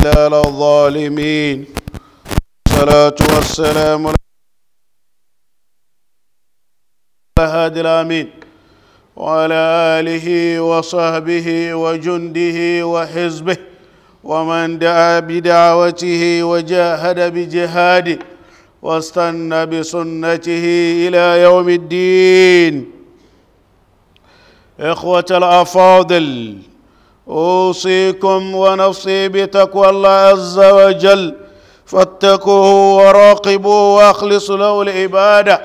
إلا للظالمين الظالمين الصلاة والسلام على هادي الأمين وعلى آله وصحبه وجنده وحزبه ومن دعا بدعوته وجاهد بجهاده واستنى بسنته إلى يوم الدين إخوة الأفاضل اوصيكم ونفسي بتقوى الله عز وجل فاتقوه وراقبوه واخلصوا له العباده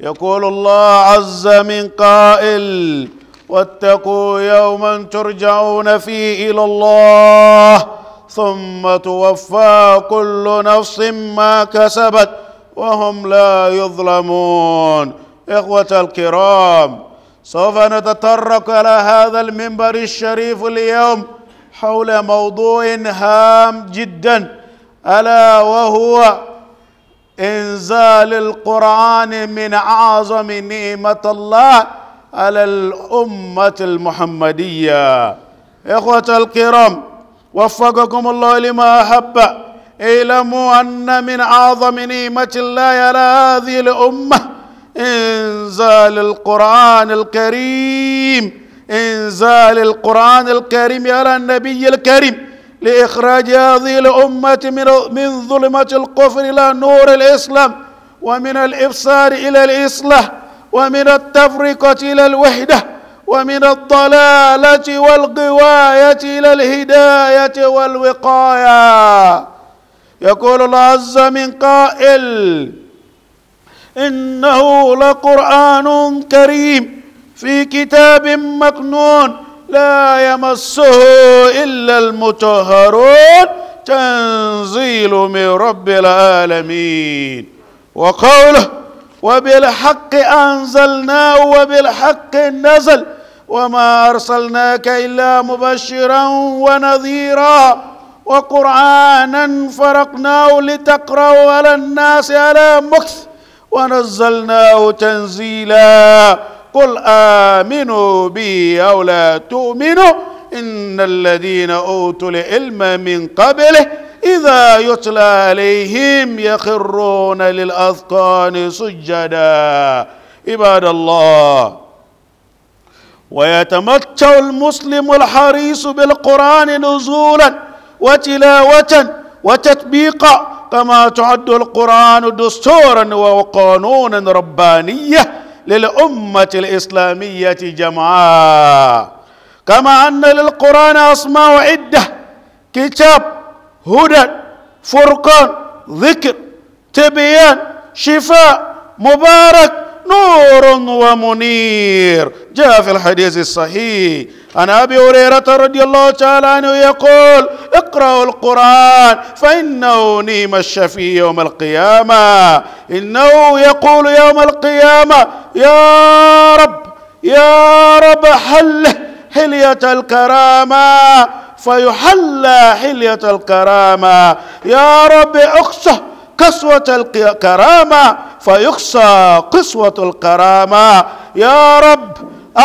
يقول الله عز من قائل واتقوا يوما ترجعون فيه الى الله ثم توفى كل نفس ما كسبت وهم لا يظلمون اخوه الكرام سوف نتطرق على هذا المنبر الشريف اليوم حول موضوع هام جدا الا وهو انزال القران من اعظم نعمه الله على الامه المحمديه اخوه الكرام وفقكم الله لما احب اعلموا ان من اعظم نعمه الله على هذه الامه انزال القرآن الكريم انزال القرآن الكريم على النبي الكريم لإخراج هذه الأمة من من ظلمة الكفر إلى نور الإسلام ومن الإبصار إلى الإصلاح ومن التفرقة إلى الوحدة ومن الضلالة والغواية إلى الهداية والوقاية يقول الله عز من قائل إنه لقرآن كريم في كتاب مكنون لا يمسه إلا المطهرون تنزيل من رب العالمين وقوله وبالحق أنزلناه وبالحق نزل وما أرسلناك إلا مبشرا ونذيرا وقرآنا فرقناه لتقرأ على الناس على مكث ونزلناه تنزيلا قل آمنوا بي أو لا تؤمنوا إن الذين أوتوا العلم من قبله إذا يتلى عليهم يخرون للأذقان سجدا عباد الله ويتمتع المسلم الحريص بالقرآن نزولا وتلاوة وتطبيقا كما تعد القرآن دستورا وقانونا ربانية للأمة الإسلامية جمعاء كما أن للقرآن أسماء عدة كتاب هدى فرقان ذكر تبيان شفاء مبارك نور ومنير جاء في الحديث الصحيح عن ابي هريره رضي الله تعالى عنه يقول اقرأوا القرآن فإنه نيم الشفي يوم القيامة إنه يقول يوم القيامة يا رب يا رب حل حلية الكرامة فيحلى حلية الكرامة يا رب اخسه قسوة الكرامة فيقصى قسوة الكرامة يا رب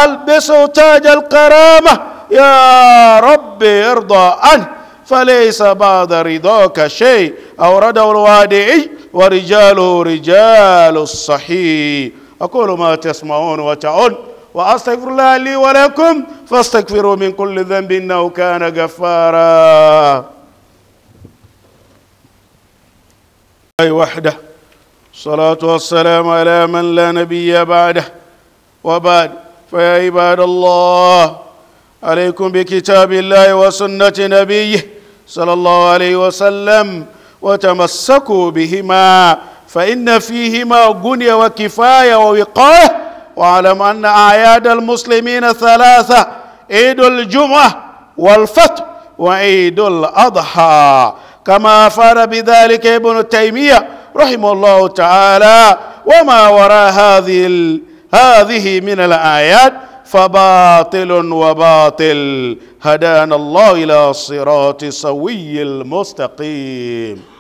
ألبسه تاج الكرامة يا رب ارضى عنه فليس بعد رضاك شيء أورده الوادعي ورجاله رجال الصحيح أقول ما تسمعون وتعون وأستغفر الله لي ولكم فاستغفروا من كل ذنب إنه كان غفارا الله وحده الصلاة والسلام على من لا نبي بعده وبعد فيا عباد الله عليكم بكتاب الله وسنة نبيه صلى الله عليه وسلم وتمسكوا بهما فإن فيهما غنية وكفاية ووقاية واعلم أن أعياد المسلمين ثلاثة عيد الجمعة والفطر وعيد الأضحى كما أفاد بذلك ابن تيمية رحمه الله تعالى وما وراء هذه هذه من الآيات فباطل وباطل هدانا الله إلى صراط سوي المستقيم